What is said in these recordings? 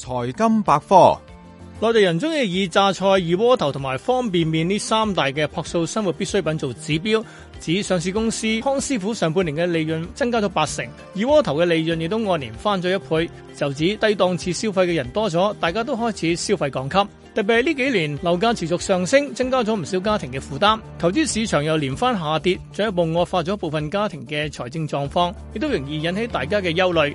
財金百科，內地人中意以榨菜、二鍋頭同埋方便麵呢三大嘅樸素生活必需品做指標。指上市公司康師傅上半年嘅利潤增加咗八成，二鍋頭嘅利潤亦都按年翻咗一倍。就指低檔次消費嘅人多咗，大家都開始消費降級。特別係呢幾年，樓價持續上升，增加咗唔少家庭嘅負擔。投資市場又連番下跌，進一步惡化咗部分家庭嘅財政狀況，亦都容易引起大家嘅憂慮。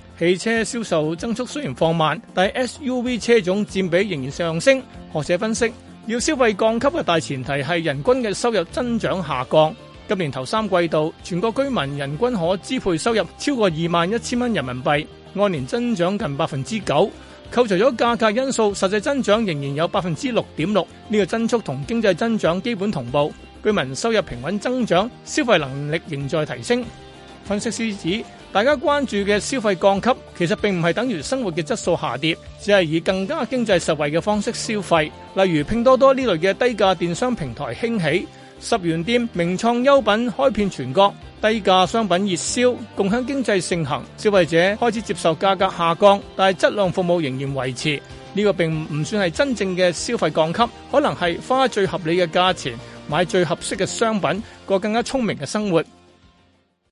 汽車銷售增速雖然放慢，但係 SUV 車種佔比仍然上升。學者分析，要消費降級嘅大前提係人均嘅收入增長下降。今年頭三季度，全國居民人均可支配收入超過二萬一千蚊人民幣，按年增長近百分之九。扣除咗價格因素，實際增長仍然有百分之六點六。呢個增速同經濟增長基本同步，居民收入平穩增長，消費能力仍在提升。分析師指。大家關注嘅消費降級，其實並唔係等於生活嘅質素下跌，只係以更加經濟實惠嘅方式消費。例如拼多多呢類嘅低價電商平台興起，十元店、名創優品開遍全國，低價商品熱銷，共享經濟盛行，消費者開始接受價格下降，但係質量服務仍然維持。呢個並唔算係真正嘅消費降級，可能係花最合理嘅價錢買最合適嘅商品，過更加聰明嘅生活。